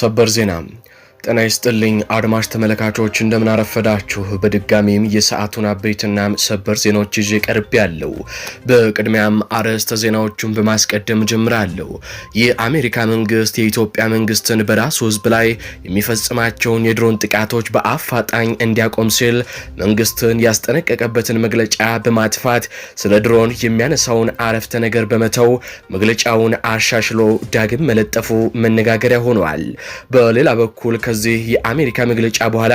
ሰበር ዜና ጤና ይስጥልኝ አድማጭ ተመልካቾች እንደምናረፈዳችሁ፣ በድጋሚም የሰዓቱን አበይትና ሰበር ዜናዎች ይዤ ቀርብ ያለው። በቅድሚያም አርዕስተ ዜናዎቹን በማስቀደም ጀምራለሁ። የአሜሪካ መንግስት የኢትዮጵያ መንግስትን በራሱ ሕዝብ ላይ የሚፈጽማቸውን የድሮን ጥቃቶች በአፋጣኝ እንዲያቆም ሲል መንግስትን ያስጠነቀቀበትን መግለጫ በማጥፋት ስለ ድሮን የሚያነሳውን አረፍተ ነገር በመተው መግለጫውን አሻሽሎ ዳግም መለጠፉ መነጋገሪያ ሆኗል። በሌላ በኩል ከዚህ የአሜሪካ መግለጫ በኋላ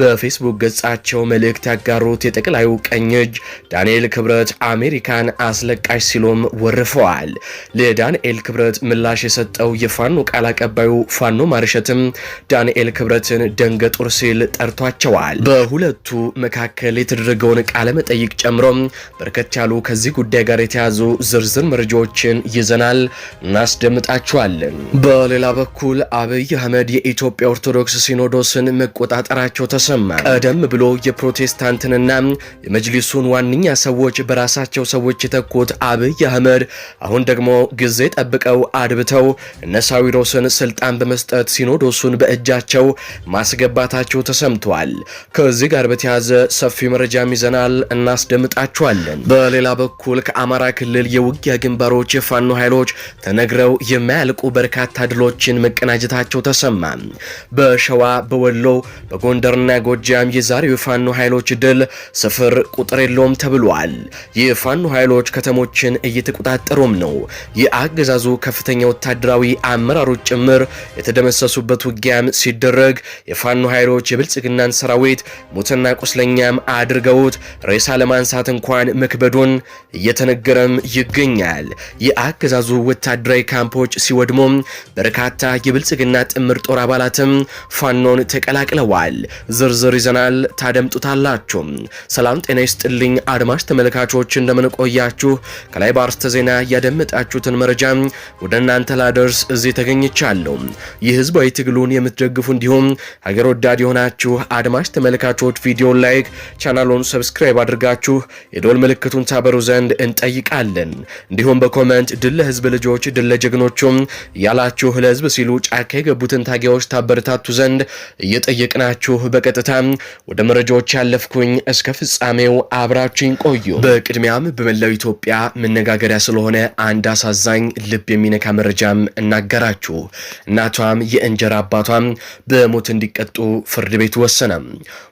በፌስቡክ ገጻቸው መልእክት ያጋሩት የጠቅላዩ ቀኝ እጅ ዳንኤል ክብረት አሜሪካን አስለቃሽ ሲሉም ወርፈዋል። ለዳንኤል ክብረት ምላሽ የሰጠው የፋኖ ቃል አቀባዩ ፋኖ ማርሸትም ዳንኤል ክብረትን ደንገጡር ሲል ጠርቷቸዋል። በሁለቱ መካከል የተደረገውን ቃለ መጠይቅ ጨምሮ በርከት ያሉ ከዚህ ጉዳይ ጋር የተያዙ ዝርዝር መረጃዎችን ይዘናል፣ እናስደምጣችኋለን። በሌላ በኩል አብይ አህመድ የኢትዮጵያ ኦርቶዶክስ ሲኖዶስን መቆጣጠራቸው ተሰማ። ቀደም ብሎ የፕሮቴስታንትንና የመጅሊሱን ዋነኛ ሰዎች በራሳቸው ሰዎች የተኩት አብይ አህመድ አሁን ደግሞ ጊዜ ጠብቀው አድብተው እነሳዊሮስን ስልጣን በመስጠት ሲኖዶሱን በእጃቸው ማስገባታቸው ተሰምተዋል። ከዚህ ጋር በተያያዘ ሰፊ መረጃም ይዘናል፣ እናስደምጣችኋለን። በሌላ በኩል ከአማራ ክልል የውጊያ ግንባሮች የፋኖ ኃይሎች ተነግረው የማያልቁ በርካታ ድሎችን መቀናጀታቸው ተሰማ። በሸዋ በወሎ በጎንደርና ጎጃም የዛሬው የፋኖ ኃይሎች ድል ስፍር ቁጥር የለውም ተብሏል። የፋኖ ኃይሎች ከተሞችን እየተቆጣጠሩም ነው። የአገዛዙ ከፍተኛ ወታደራዊ አመራሮች ጭምር የተደመሰሱበት ውጊያም ሲደረግ የፋኖ ኃይሎች የብልጽግናን ሰራዊት ሙትና ቁስለኛም አድርገውት ሬሳ ለማንሳት እንኳን መክበዱን እየተነገረም ይገኛል። የአገዛዙ ወታደራዊ ካምፖች ሲወድሙም በርካታ የብልጽግና ጥምር ጦር አባላትም ፋኖን ተቀላቅለዋል። ዝርዝር ይዘናል ታደምጡታላችሁ። ሰላም ጤና ይስጥልኝ አድማጭ ተመልካቾች እንደምንቆያችሁ ከላይ በአርስተ ዜና ያደመጣችሁትን መረጃ ወደ እናንተ ላደርስ እዚህ ተገኝቻለሁ። ይህ ህዝባዊ ትግሉን የምትደግፉ እንዲሁም ሀገር ወዳድ የሆናችሁ አድማጭ ተመልካቾች ቪዲዮን ላይክ፣ ቻናሉን ሰብስክራይብ አድርጋችሁ የዶል ምልክቱን ታበሩ ዘንድ እንጠይቃለን። እንዲሁም በኮመንት ድል ለህዝብ ልጆች ድል ለጀግኖቹም ያላችሁ ለህዝብ ሲሉ ጫካ የገቡትን ታጋዮች ታበረ ታበረታቱ ዘንድ እየጠየቅናችሁ በቀጥታ ወደ መረጃዎች ያለፍኩኝ፣ እስከ ፍጻሜው አብራችኝ ቆዩ። በቅድሚያም በመላው ኢትዮጵያ መነጋገሪያ ስለሆነ አንድ አሳዛኝ ልብ የሚነካ መረጃም እናገራችሁ። እናቷም የእንጀራ አባቷም በሞት እንዲቀጡ ፍርድ ቤት ወሰነ።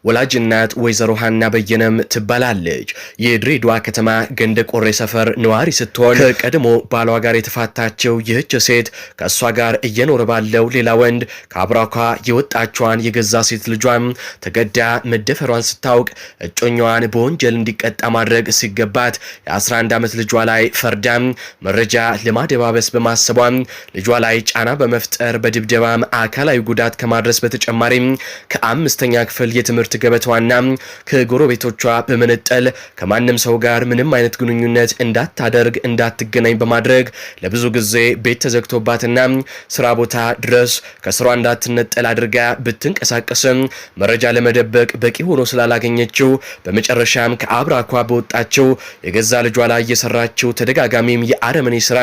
ወላጅ እናት ወይዘሮ ሀና በየነም ትባላለች። የድሬዳዋ ከተማ ገንደ ቆሬ ሰፈር ነዋሪ ስትሆን ከቀድሞ ባሏ ጋር የተፋታቸው ይህች ሴት ከእሷ ጋር እየኖረ ባለው ሌላ ወንድ ከአብራኳ የወጣቿን የገዛ ሴት ልጇን ተገዳ መደፈሯን ስታውቅ እጮኛዋን በወንጀል እንዲቀጣ ማድረግ ሲገባት የ11 ዓመት ልጇ ላይ ፈርዳ መረጃ ለማደባበስ በማሰቧ ልጇ ላይ ጫና በመፍጠር በድብደባ አካላዊ ጉዳት ከማድረስ በተጨማሪም ከአምስተኛ ክፍል የትምህርት ገበቷና ከጎረቤቶቿ በመነጠል ከማንም ሰው ጋር ምንም አይነት ግንኙነት እንዳታደርግ እንዳትገናኝ በማድረግ ለብዙ ጊዜ ቤት ተዘግቶባትና ስራ ቦታ ድረስ ከስሯ እንዳትነጠ ጥል አድርጋ ብትንቀሳቀስም መረጃ ለመደበቅ በቂ ሆኖ ስላላገኘችው በመጨረሻም ከአብራኳ በወጣችው የገዛ ልጇ ላይ የሰራችው ተደጋጋሚም የአረመኔ ስራ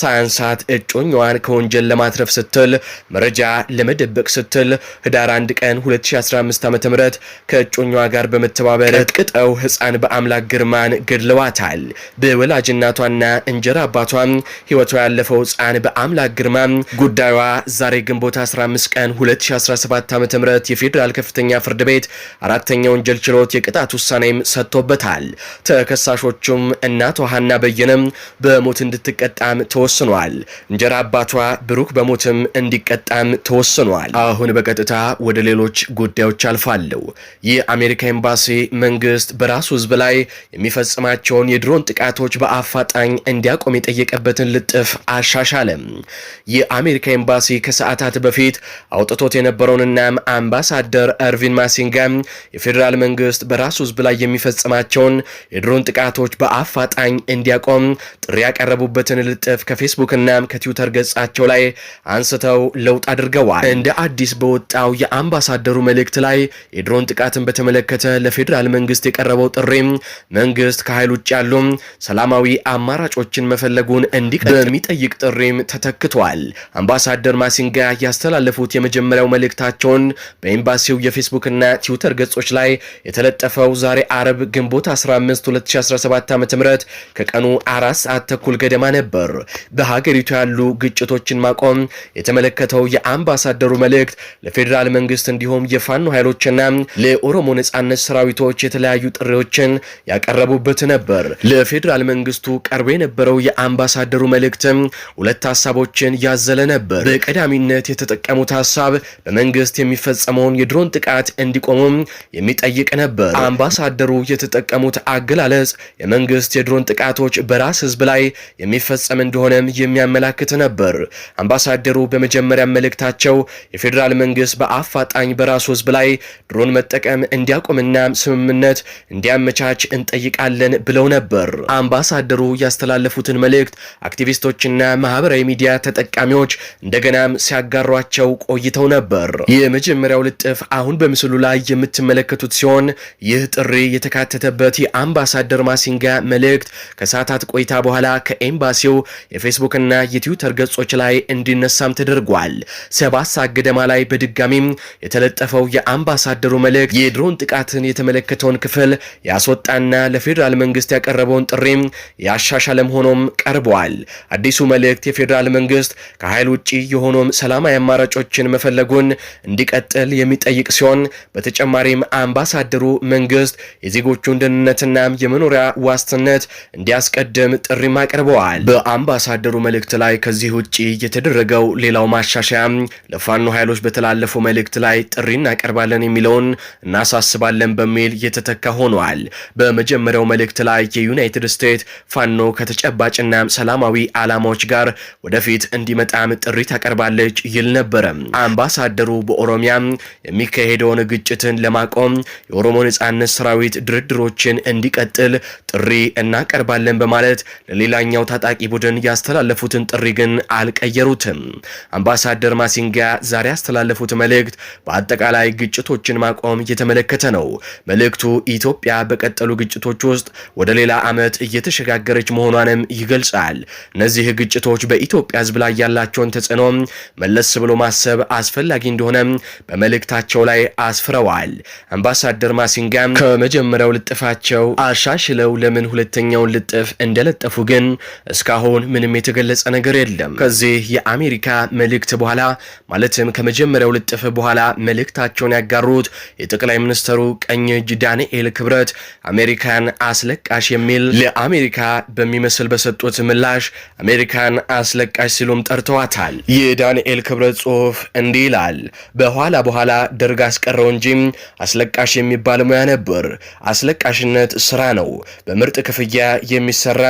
ሳያንሳት እጮኛዋን ከወንጀል ለማትረፍ ስትል መረጃ ለመደበቅ ስትል ህዳር 1 ቀን 2015 ዓ.ም ከእጮኛዋ ጋር በመተባበር ቀጥቅጠው ህፃን በአምላክ ግርማን ገድለዋታል። በወላጅ እናቷና እንጀራ አባቷ ህይወቷ ያለፈው ህፃን በአምላክ ግርማ ጉዳዩዋ ዛሬ ግንቦት 15 ቀን 2017 ዓ ም የፌዴራል ከፍተኛ ፍርድ ቤት አራተኛ ወንጀል ችሎት የቅጣት ውሳኔም ሰጥቶበታል። ተከሳሾቹም እናቷ ሀና በየነም በሞት እንድትቀጣም ተወስኗል። እንጀራ አባቷ ብሩክ በሞትም እንዲቀጣም ተወስኗል። አሁን በቀጥታ ወደ ሌሎች ጉዳዮች አልፋለሁ። የአሜሪካ ኤምባሲ መንግስት በራሱ ህዝብ ላይ የሚፈጽማቸውን የድሮን ጥቃቶች በአፋጣኝ እንዲያቆም የጠየቀበትን ልጥፍ አሻሻለም። የአሜሪካ ኤምባሲ ከሰዓታት በፊት አውጥ አውጥቶት የነበረውንና አምባሳደር እርቪን ማሲንጋ የፌዴራል መንግስት በራሱ ህዝብ ላይ የሚፈጽማቸውን የድሮን ጥቃቶች በአፋጣኝ እንዲያቆም ጥሪ ያቀረቡበትን ልጥፍ ከፌስቡክና ከትዊተር ገጻቸው ላይ አንስተው ለውጥ አድርገዋል። እንደ አዲስ በወጣው የአምባሳደሩ መልእክት ላይ የድሮን ጥቃትን በተመለከተ ለፌዴራል መንግስት የቀረበው ጥሪ መንግስት ከኃይል ውጭ ያሉ ሰላማዊ አማራጮችን መፈለጉን እንዲቀጥል በሚጠይቅ ጥሪም ተተክቷል። አምባሳደር ማሲንጋ ያስተላለፉት የመጀመ የመጀመሪያው መልእክታቸውን በኤምባሲው የፌስቡክና ትዊተር ገጾች ላይ የተለጠፈው ዛሬ አረብ ግንቦት 15 2017 ዓ ም ከቀኑ አራት ሰዓት ተኩል ገደማ ነበር። በሀገሪቱ ያሉ ግጭቶችን ማቆም የተመለከተው የአምባሳደሩ መልእክት ለፌዴራል መንግስት እንዲሁም የፋኖ ኃይሎችና ለኦሮሞ ነጻነት ሰራዊቶች የተለያዩ ጥሪዎችን ያቀረቡበት ነበር። ለፌዴራል መንግስቱ ቀርቦ የነበረው የአምባሳደሩ መልእክትም ሁለት ሀሳቦችን ያዘለ ነበር። በቀዳሚነት የተጠቀሙት ሀሳብ ሀሳብ በመንግስት የሚፈጸመውን የድሮን ጥቃት እንዲቆሙም የሚጠይቅ ነበር። አምባሳደሩ የተጠቀሙት አገላለጽ የመንግስት የድሮን ጥቃቶች በራስ ህዝብ ላይ የሚፈጸም እንደሆነም የሚያመላክት ነበር። አምባሳደሩ በመጀመሪያ መልእክታቸው የፌዴራል መንግስት በአፋጣኝ በራሱ ህዝብ ላይ ድሮን መጠቀም እንዲያቆምና ስምምነት እንዲያመቻች እንጠይቃለን ብለው ነበር። አምባሳደሩ ያስተላለፉትን መልእክት አክቲቪስቶችና ማህበራዊ ሚዲያ ተጠቃሚዎች እንደገናም ሲያጋሯቸው ቆይ ተለይተው ነበር። የመጀመሪያው ልጥፍ አሁን በምስሉ ላይ የምትመለከቱት ሲሆን ይህ ጥሪ የተካተተበት የአምባሳደር ማሲንጋ መልእክት ከሰዓታት ቆይታ በኋላ ከኤምባሲው የፌስቡክና የትዊተር ገጾች ላይ እንዲነሳም ተደርጓል። ሰባት ሰዓት ገደማ ላይ በድጋሚም የተለጠፈው የአምባሳደሩ መልእክት የድሮን ጥቃትን የተመለከተውን ክፍል ያስወጣና ለፌዴራል መንግስት ያቀረበውን ጥሪም ያሻሻለ ሆኖም ቀርቧል። አዲሱ መልእክት የፌዴራል መንግስት ከኃይል ውጭ የሆኑም ሰላማዊ አማራጮችን መፈለጉን እንዲቀጥል የሚጠይቅ ሲሆን በተጨማሪም አምባሳደሩ መንግስት የዜጎቹን ደህንነትና የመኖሪያ ዋስትነት እንዲያስቀድም ጥሪም አቅርበዋል። በአምባሳደሩ መልእክት ላይ ከዚህ ውጭ የተደረገው ሌላው ማሻሻያ ለፋኖ ኃይሎች በተላለፈው መልእክት ላይ ጥሪ እናቀርባለን የሚለውን እናሳስባለን በሚል የተተካ ሆኗል። በመጀመሪያው መልእክት ላይ የዩናይትድ ስቴትስ ፋኖ ከተጨባጭና ሰላማዊ ዓላማዎች ጋር ወደፊት እንዲመጣም ጥሪ ታቀርባለች ይል ነበረ። አምባሳደሩ በኦሮሚያ የሚካሄደውን ግጭትን ለማቆም የኦሮሞ ነጻነት ሰራዊት ድርድሮችን እንዲቀጥል ጥሪ እናቀርባለን በማለት ለሌላኛው ታጣቂ ቡድን ያስተላለፉትን ጥሪ ግን አልቀየሩትም። አምባሳደር ማሲንጋ ዛሬ ያስተላለፉት መልእክት በአጠቃላይ ግጭቶችን ማቆም እየተመለከተ ነው። መልእክቱ ኢትዮጵያ በቀጠሉ ግጭቶች ውስጥ ወደ ሌላ ዓመት እየተሸጋገረች መሆኗንም ይገልጻል። እነዚህ ግጭቶች በኢትዮጵያ ሕዝብ ላይ ያላቸውን ተጽዕኖ መለስ ብሎ ማሰብ አስፈላጊ እንደሆነ በመልእክታቸው ላይ አስፍረዋል። አምባሳደር ማሲንጋም ከመጀመሪያው ልጥፋቸው አሻሽለው ለምን ሁለተኛውን ልጥፍ እንደለጠፉ ግን እስካሁን ምንም የተገለጸ ነገር የለም። ከዚህ የአሜሪካ መልእክት በኋላ ማለትም ከመጀመሪያው ልጥፍ በኋላ መልእክታቸውን ያጋሩት የጠቅላይ ሚኒስትሩ ቀኝ እጅ ዳንኤል ክብረት አሜሪካን አስለቃሽ የሚል ለአሜሪካ በሚመስል በሰጡት ምላሽ አሜሪካን አስለቃሽ ሲሉም ጠርተዋታል። የዳንኤል ክብረት ጽሁፍ እንዲህ ይላል። በኋላ በኋላ ደርግ አስቀረው እንጂ አስለቃሽ የሚባል ሙያ ነበር። አስለቃሽነት ስራ ነው፣ በምርጥ ክፍያ የሚሰራ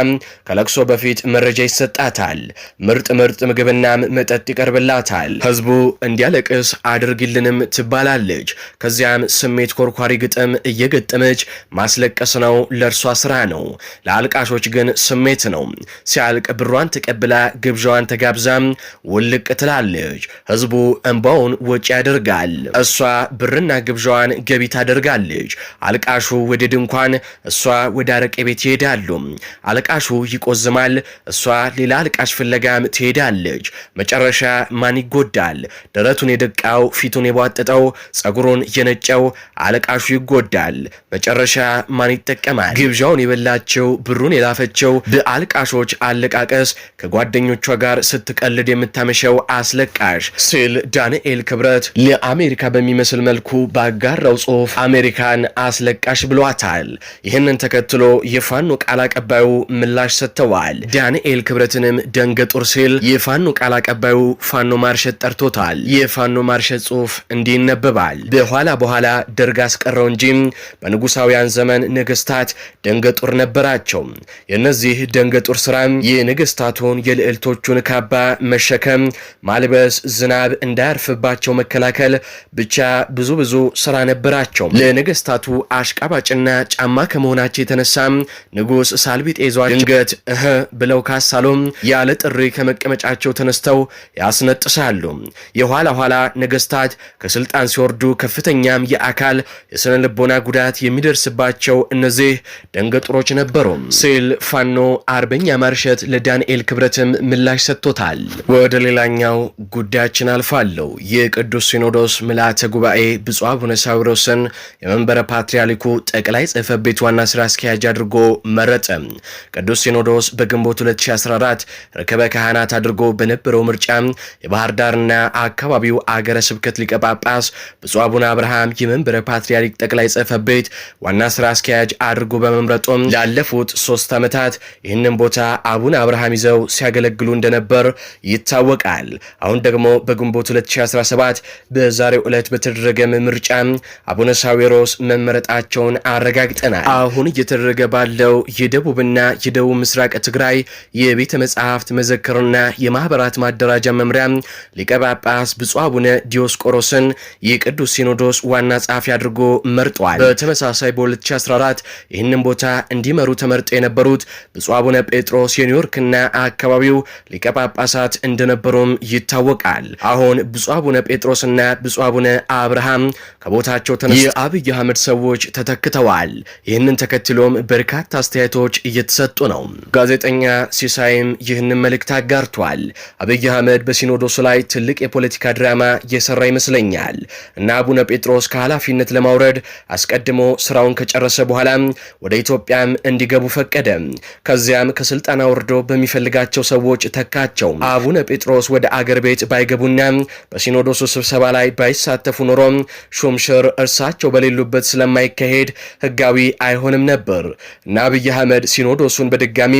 ከለቅሶ በፊት መረጃ ይሰጣታል። ምርጥ ምርጥ ምግብና መጠጥ ይቀርብላታል። ህዝቡ እንዲያለቅስ አድርግልንም ትባላለች። ከዚያም ስሜት ኮርኳሪ ግጥም እየገጠመች ማስለቀስ ነው። ለእርሷ ስራ ነው፣ ለአልቃሾች ግን ስሜት ነው። ሲያልቅ ብሯን ተቀብላ ግብዣዋን ተጋብዛም ውልቅ ትላለች። ህዝቡ እንባውን ወጪ ያደርጋል። እሷ ብርና ግብዣዋን ገቢ ታደርጋለች። አልቃሹ ወደ ድንኳን፣ እሷ ወደ አረቄ ቤት ይሄዳሉ። አልቃሹ ይቆዝማል፣ እሷ ሌላ አልቃሽ ፍለጋም ትሄዳለች። መጨረሻ ማን ይጎዳል? ደረቱን የደቃው ፊቱን የቧጠጠው ጸጉሩን የነጨው አልቃሹ ይጎዳል። መጨረሻ ማን ይጠቀማል? ግብዣውን የበላቸው ብሩን የላፈቸው በአልቃሾች አለቃቀስ ከጓደኞቿ ጋር ስትቀልድ የምታመሸው አስለቃሽ ሲል ዳንኤል ክብረት ለአሜሪካ በሚመስል መልኩ ባጋራው ጽሁፍ አሜሪካን አስለቃሽ ብሏታል። ይህንን ተከትሎ የፋኖ ቃል አቀባዩ ምላሽ ሰጥተዋል። ዳንኤል ክብረትንም ደንገጡር ሲል የፋኖ ቃል አቀባዩ ፋኖ ማርሸት ጠርቶታል። የፋኖ ማርሸት ጽሁፍ እንዲህ ይነበባል። በኋላ በኋላ ደርግ አስቀረው እንጂም በንጉሳውያን ዘመን ነገስታት ደንገጡር ነበራቸው። የእነዚህ ደንገጡር ስራም የነገስታቱን የልዕልቶቹን ካባ መሸከም፣ ማልበስ፣ ዝናብ እንዳ እንዳያርፍባቸው መከላከል ብቻ ብዙ ብዙ ስራ ነበራቸው። ለነገስታቱ አሽቃባጭና ጫማ ከመሆናቸው የተነሳም ንጉስ ሳልቢጤ ይዟቸው ድንገት እህ ብለው ካሳሎም ያለ ጥሪ ከመቀመጫቸው ተነስተው ያስነጥሳሉ። የኋላ ኋላ ነገስታት ከስልጣን ሲወርዱ ከፍተኛም የአካል የስነ ልቦና ጉዳት የሚደርስባቸው እነዚህ ደንገጥሮች ነበሩ ሲል ፋኖ አርበኛ ማርሸት ለዳንኤል ክብረትም ምላሽ ሰጥቶታል። ወደ ሌላኛው ጉዳያችን አልፋል። አለው። የቅዱስ ሲኖዶስ ምልአተ ጉባኤ ብፁዕ አቡነ ሳዊሮስን የመንበረ ፓትርያርኩ ጠቅላይ ጽህፈት ቤት ዋና ስራ አስኪያጅ አድርጎ መረጠ። ቅዱስ ሲኖዶስ በግንቦት 2014 ርክበ ካህናት አድርጎ በነበረው ምርጫ የባህር ዳርና አካባቢው አገረ ስብከት ሊቀ ጳጳስ ብፁዕ አቡነ አብርሃም የመንበረ ፓትርያርክ ጠቅላይ ጽህፈት ቤት ዋና ስራ አስኪያጅ አድርጎ በመምረጡም ላለፉት ሶስት ዓመታት ይህንን ቦታ አቡነ አብርሃም ይዘው ሲያገለግሉ እንደነበር ይታወቃል። አሁን ደግሞ በግንቦት 2017 በዛሬው ዕለት በተደረገ ምርጫ አቡነ ሳዊሮስ መመረጣቸውን አረጋግጠናል። አሁን እየተደረገ ባለው የደቡብና የደቡብ ምስራቅ ትግራይ የቤተ መጻሕፍት መዘክርና የማኅበራት ማደራጃ መምሪያ ሊቀ ጳጳስ ብፁዕ አቡነ ዲዮስቆሮስን የቅዱስ ሲኖዶስ ዋና ጸሐፊ አድርጎ መርጧል። በተመሳሳይ በ2014 ይህንን ቦታ እንዲመሩ ተመርጠው የነበሩት ብፁዕ አቡነ ጴጥሮስ የኒውዮርክና አካባቢው ሊቀ ጳጳሳት እንደነበሩም ይታወቃል። አሁን ብፁ አቡነ ጴጥሮስና ብፁ አቡነ አብርሃም ከቦታቸው ተነስተው የአብይ አህመድ ሰዎች ተተክተዋል። ይህንን ተከትሎም በርካታ አስተያየቶች እየተሰጡ ነው። ጋዜጠኛ ሲሳይም ይህንን መልእክት አጋርቷል። አብይ አህመድ በሲኖዶሱ ላይ ትልቅ የፖለቲካ ድራማ እየሰራ ይመስለኛል እና አቡነ ጴጥሮስ ከኃላፊነት ለማውረድ አስቀድሞ ስራውን ከጨረሰ በኋላ ወደ ኢትዮጵያም እንዲገቡ ፈቀደ። ከዚያም ከስልጣን አውርዶ በሚፈልጋቸው ሰዎች ተካቸው። አቡነ ጴጥሮስ ወደ አገር ቤት ባይገቡና በሲኖዶሱ ስብሰባ ላይ ባይሳተፉ ኖሮ ሹምሽር እርሳቸው በሌሉበት ስለማይካሄድ ህጋዊ አይሆንም ነበር እና አብይ አህመድ ሲኖዶሱን በድጋሚ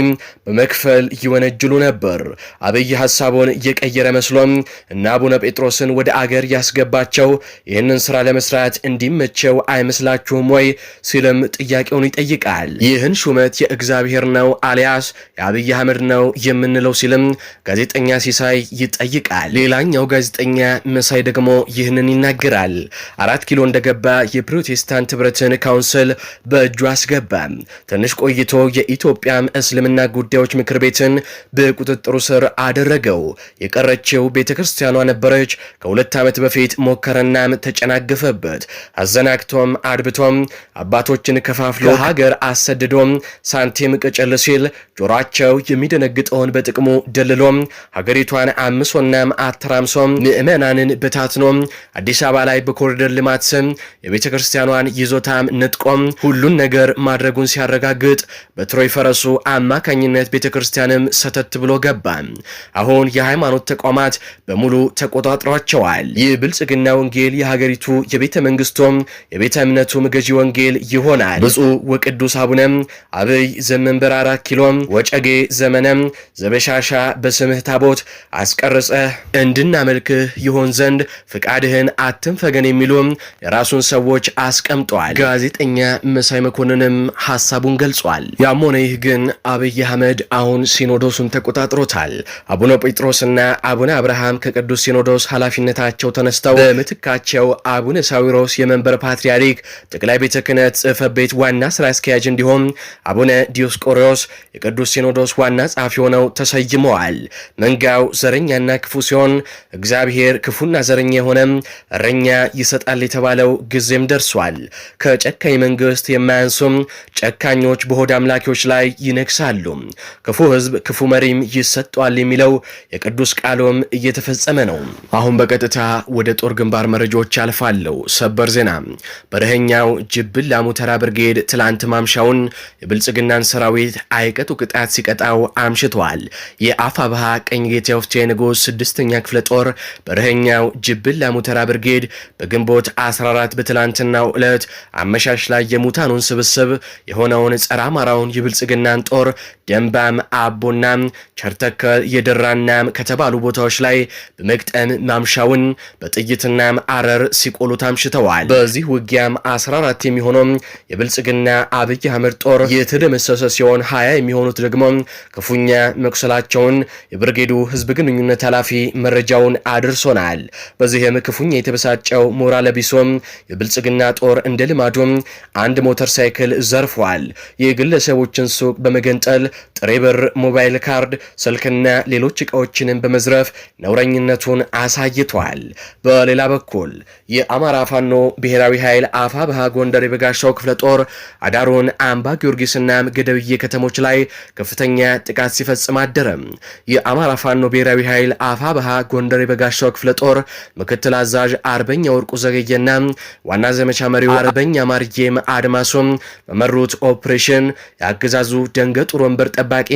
በመክፈል ይወነጅሉ ነበር። አብይ ሀሳቡን እየቀየረ መስሎም እና አቡነ ጴጥሮስን ወደ አገር ያስገባቸው ይህንን ስራ ለመስራት እንዲመቸው አይመስላችሁም ወይ ሲልም ጥያቄውን ይጠይቃል። ይህን ሹመት የእግዚአብሔር ነው አሊያስ የአብይ አህመድ ነው የምንለው ሲልም ጋዜጠኛ ሲሳይ ይጠይቃል። ሌላኛው ጋዜጠኛ ጋዜጠኛ መሳይ ደግሞ ይህንን ይናገራል። አራት ኪሎ እንደገባ የፕሮቴስታንት ህብረትን ካውንስል በእጁ አስገባ። ትንሽ ቆይቶ የኢትዮጵያ እስልምና ጉዳዮች ምክር ቤትን በቁጥጥሩ ስር አደረገው። የቀረችው ቤተ ክርስቲያኗ ነበረች። ከሁለት ዓመት በፊት ሞከረናም ተጨናገፈበት። አዘናግቶም አድብቶም አባቶችን ከፋፍሎ ሀገር አሰድዶም ሳንቲም ቅጭል ሲል ጆሯቸው የሚደነግጠውን በጥቅሙ ደልሎም ሀገሪቷን አምሶናም አተራምሶም ምዕመናንን በታትኖ አዲስ አበባ ላይ በኮሪደር ልማት ስም የቤተ ክርስቲያኗን ይዞታም ነጥቆም ሁሉን ነገር ማድረጉን ሲያረጋግጥ በትሮይ ፈረሱ አማካኝነት ቤተ ክርስቲያንም ሰተት ብሎ ገባ። አሁን የሃይማኖት ተቋማት በሙሉ ተቆጣጥሯቸዋል። ይህ ብልጽግና ወንጌል የሀገሪቱ የቤተ መንግስቶም የቤተ እምነቱም ገዢ ወንጌል ይሆናል። ብፁዕ ወቅዱስ አቡነም አብይ ዘመንበር አራት ኪሎም ወጨጌ ዘመነም ዘበሻሻ በስምህ ታቦት አስቀርጸህ እንድናመልክህ ይሆን ዘንድ ፍቃድህን አትንፈገን የሚሉ የራሱን ሰዎች አስቀምጠዋል። ጋዜጠኛ መሳይ መኮንንም ሀሳቡን ገልጿል። ያም ሆነ ይህ ግን አብይ አህመድ አሁን ሲኖዶሱን ተቆጣጥሮታል። አቡነ ጴጥሮስና አቡነ አብርሃም ከቅዱስ ሲኖዶስ ኃላፊነታቸው ተነስተው በምትካቸው አቡነ ሳዊሮስ የመንበር ፓትርያርክ ጠቅላይ ቤተ ክህነት ጽህፈት ቤት ዋና ስራ አስኪያጅ እንዲሆም አቡነ ዲዮስቆሪዮስ የቅዱስ ሲኖዶስ ዋና ጸሐፊ ሆነው ተሰይመዋል። መንጋው ዘረኛና ክፉ ሲሆን እግዚአብሔር አየር ክፉና ዘረኛ የሆነ እረኛ ይሰጣል የተባለው ጊዜም ደርሷል። ከጨካኝ መንግስት የማያንሱም ጨካኞች በሆድ አምላኪዎች ላይ ይነግሳሉ። ክፉ ህዝብ ክፉ መሪም ይሰጠዋል የሚለው የቅዱስ ቃሎም እየተፈጸመ ነው። አሁን በቀጥታ ወደ ጦር ግንባር መረጃዎች አልፋለሁ። ሰበር ዜና በረኸኛው ጅብን ላሙተራ ብርጌድ ትላንት ማምሻውን የብልጽግናን ሰራዊት አይቀጡ ቅጣት ሲቀጣው አምሽተዋል። የአፋ ባሃ ቀኝ ጌታ ኦፍቴ ንጉስ ስድስተኛ ክፍለ ጦር በረኸኛው ጅብን ላሙተራ ብርጌድ በግንቦት 14 በትላንትናው ዕለት አመሻሽ ላይ የሙታኑን ስብስብ የሆነውን ጸረ አማራውን የብልጽግናን ጦር ደንባም፣ አቦና ቸርተከ የደራና ከተባሉ ቦታዎች ላይ በመግጠም ማምሻውን በጥይትና አረር ሲቆሉ ታምሽተዋል። በዚህ ውጊያም 14 የሚሆነው የብልጽግና አብይ አህመድ ጦር የተደመሰሰ ሲሆን ሀያ የሚሆኑት ደግሞ ክፉኛ መቁሰላቸውን የብርጌዱ ህዝብ ግንኙነት ኃላፊ መረጃውን አድርሶናል። በዚህም ክፉኛ የተበሳጨው ሞራ ቢሶም የብልጽግና ጦር እንደ ልማዱም አንድ ሞተር ሳይክል ዘርፏል። የግለሰቦችን ሱቅ በመገንጠል ጥሬ ብር፣ ሞባይል ካርድ፣ ስልክና ሌሎች እቃዎችንም በመዝረፍ ነውረኝነቱን አሳይቷል። በሌላ በኩል የአማራ ፋኖ ብሔራዊ ኃይል አፋ በሃ ጎንደር የበጋሻው ክፍለ ጦር አዳሩን አምባ ጊዮርጊስና ገደብዬ ከተሞች ላይ ከፍተኛ ጥቃት ሲፈጽም አደረም። የአማራ ፋኖ ብሔራዊ ኃይል አፋ በሃ ጎንደር የበጋሻው ክፍለ ጦር ምክትል አዛዥ አርበኛ ወርቁ ዘገየና ዋና ዘመቻ መሪው አርበኛ ማርጌም አድማሱም በመሩት ኦፕሬሽን የአገዛዙ ደንገ ጡሮን ድንበር ጠባቂ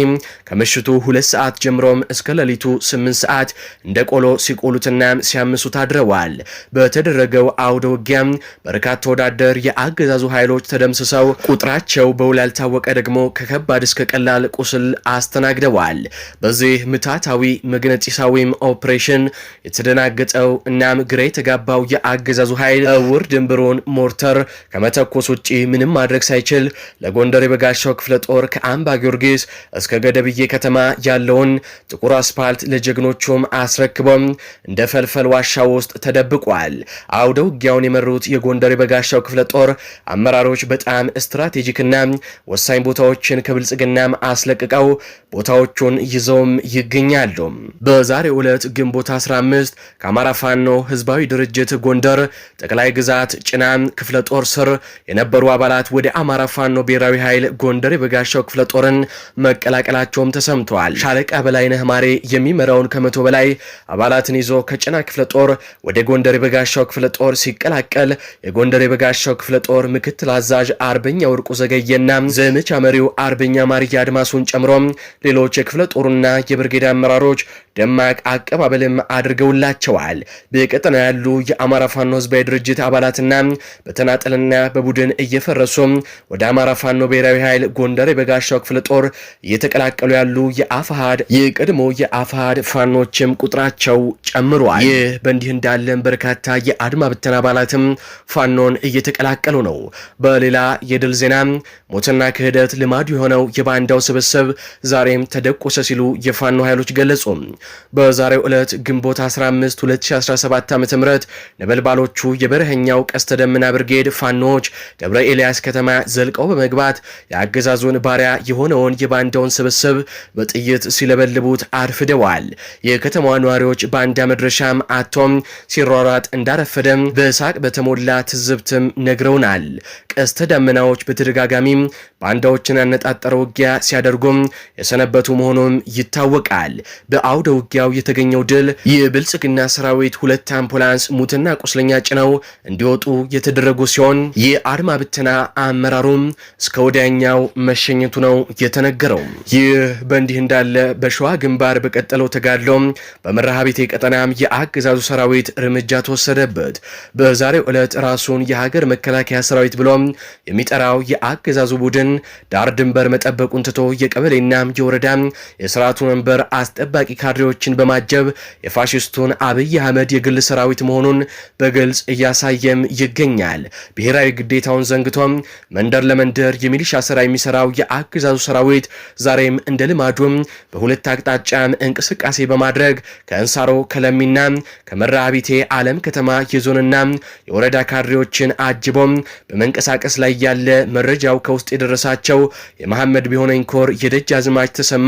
ከምሽቱ ሁለት ሰዓት ጀምሮም እስከ ሌሊቱ ስምንት ሰዓት እንደ ቆሎ ሲቆሉትና ሲያምሱት አድረዋል። በተደረገው አውደ ውጊያም በርካታ ወዳደር የአገዛዙ ኃይሎች ተደምስሰው ቁጥራቸው በውል ያልታወቀ ደግሞ ከከባድ እስከ ቀላል ቁስል አስተናግደዋል። በዚህ ምታታዊ መግነጢሳዊም ኦፕሬሽን የተደናገጠው እናም ግራ የተጋባው የአገዛዙ ኃይል እውር ድንብሩን ሞርተር ከመተኮስ ውጭ ምንም ማድረግ ሳይችል ለጎንደር የበጋሻው ክፍለ ጦር ከአምባ ጊዮርጊስ ጊዮርጊስ እስከ ገደብዬ ከተማ ያለውን ጥቁር አስፓልት ለጀግኖቹም አስረክቦም እንደ ፈልፈል ዋሻ ውስጥ ተደብቋል። አውደ ውጊያውን የመሩት የጎንደር የበጋሻው ክፍለ ጦር አመራሮች በጣም ስትራቴጂክና ወሳኝ ቦታዎችን ከብልጽግናም አስለቅቀው ቦታዎቹን ይዘውም ይገኛሉ። በዛሬ ዕለት ግንቦት 15 ከአማራ ፋኖ ህዝባዊ ድርጅት ጎንደር ጠቅላይ ግዛት ጭና ክፍለ ጦር ስር የነበሩ አባላት ወደ አማራ ፋኖ ብሔራዊ ኃይል ጎንደር የበጋሻው ክፍለ ጦርን መቀላቀላቸውም ተሰምተዋል። ሻለቃ በላይነህ ማሬ የሚመራውን ከመቶ በላይ አባላትን ይዞ ከጭና ክፍለ ጦር ወደ ጎንደር የበጋሻው ክፍለ ጦር ሲቀላቀል የጎንደር የበጋሻው ክፍለ ጦር ምክትል አዛዥ አርበኛ ወርቁ ዘገየና ዘመቻ መሪው አርበኛ ማርያ አድማሱን ጨምሮ ሌሎች የክፍለ ጦሩና የብርጌድ አመራሮች ደማቅ አቀባበልም አድርገውላቸዋል። በቀጠና ያሉ የአማራ ፋኖ ህዝባዊ ድርጅት አባላትና በተናጠልና በቡድን እየፈረሱ ወደ አማራ ፋኖ ብሔራዊ ኃይል ጎንደር የበጋሻው ክፍለ ጦር እየተቀላቀሉ ያሉ የአፋሃድ የቀድሞ የአፋሃድ ፋኖችም ቁጥራቸው ጨምሯል። ይህ በእንዲህ እንዳለን በርካታ የአድማ ብተና አባላትም ፋኖን እየተቀላቀሉ ነው። በሌላ የድል ዜና ሞትና ክህደት ልማዱ የሆነው የባንዳው ስብስብ ዛሬም ተደቆሰ ሲሉ የፋኖ ኃይሎች ገለጹ። በዛሬው ዕለት ግንቦት 15 2017 ዓ ም ነበልባሎቹ የበረሀኛው ቀስተ ደመና ብርጌድ ፋኖች ደብረ ኤልያስ ከተማ ዘልቀው በመግባት የአገዛዙን ባሪያ የሆነውን የባንዳውን ስብስብ በጥይት ሲለበልቡት አርፍደዋል። የከተማዋ ነዋሪዎች ባንዳ መድረሻም አቶም ሲሯሯጥ እንዳረፈደም በሳቅ በተሞላ ትዝብትም ነግረውናል። ቀስተ ደመናዎች በተደጋጋሚም ባንዳዎችን ያነጣጠረ ውጊያ ሲያደርጉም የሰነበቱ መሆኑም ይታወቃል። በአውደ ውጊያው የተገኘው ድል የብልጽግና ሰራዊት ሁለት አምቡላንስ ሙትና ቁስለኛ ጭነው እንዲወጡ የተደረጉ ሲሆን የአድማ ብተና አመራሩም እስከ ወዲያኛው መሸኘቱ ነው የተነገ የተናገረው። ይህ በእንዲህ እንዳለ በሸዋ ግንባር በቀጠለው ተጋድሎ በመርሃ ቤት ቀጠናም የአገዛዙ ሰራዊት እርምጃ ተወሰደበት። በዛሬው ዕለት ራሱን የሀገር መከላከያ ሰራዊት ብሎ የሚጠራው የአገዛዙ ቡድን ዳር ድንበር መጠበቁን ትቶ የቀበሌና የወረዳ የስርዓቱ መንበር አስጠባቂ ካድሬዎችን በማጀብ የፋሽስቱን አብይ አህመድ የግል ሰራዊት መሆኑን በግልጽ እያሳየም ይገኛል። ብሔራዊ ግዴታውን ዘንግቶ መንደር ለመንደር የሚሊሻ ስራ የሚሰራው የአገዛዙ ሰራዊት ሰራዊት ዛሬም እንደ ልማዱም በሁለት አቅጣጫ እንቅስቃሴ በማድረግ ከእንሳሮ ከለሚና ከመራቢቴ አለም ከተማ የዞንና የወረዳ ካድሬዎችን አጅቦም በመንቀሳቀስ ላይ ያለ መረጃው ከውስጥ የደረሳቸው የመሐመድ ቢሆነኝ ኮር አዝማች ተሰማ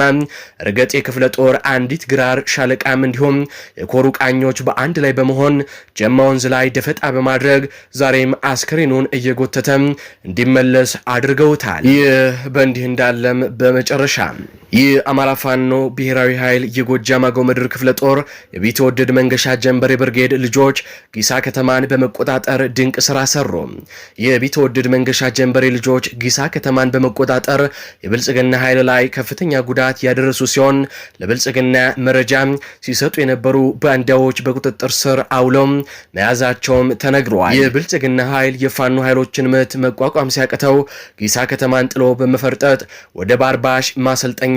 እርገጥ ክፍለ ጦር አንዲት ግራር ሻለቃም እንዲሁም የኮሩ ቃኞች በአንድ ላይ በመሆን ጀማ ወንዝ ላይ ደፈጣ በማድረግ ዛሬም አስከሬኑን እየጎተተም እንዲመለስ አድርገውታል። ይህ በእንዲህ እንዳለም በመጨረሻ የአማራ ፋኖ ብሔራዊ ኃይል የጎጃም አገው ምድር ክፍለ ጦር የቢትወደድ መንገሻ ጀንበሬ ብርጌድ ልጆች ጊሳ ከተማን በመቆጣጠር ድንቅ ስራ ሰሩ። የቢትወደድ መንገሻ ጀንበሬ ልጆች ጊሳ ከተማን በመቆጣጠር የብልጽግና ኃይል ላይ ከፍተኛ ጉዳት ያደረሱ ሲሆን ለብልጽግና መረጃ ሲሰጡ የነበሩ ባንዳዎች በቁጥጥር ስር አውለው መያዛቸውም ተነግረዋል። የብልጽግና ኃይል የፋኖ ኃይሎችን ምት መቋቋም ሲያቅተው ጊሳ ከተማን ጥሎ በመፈርጠጥ ወደ ባርባሽ ማሰልጠኛ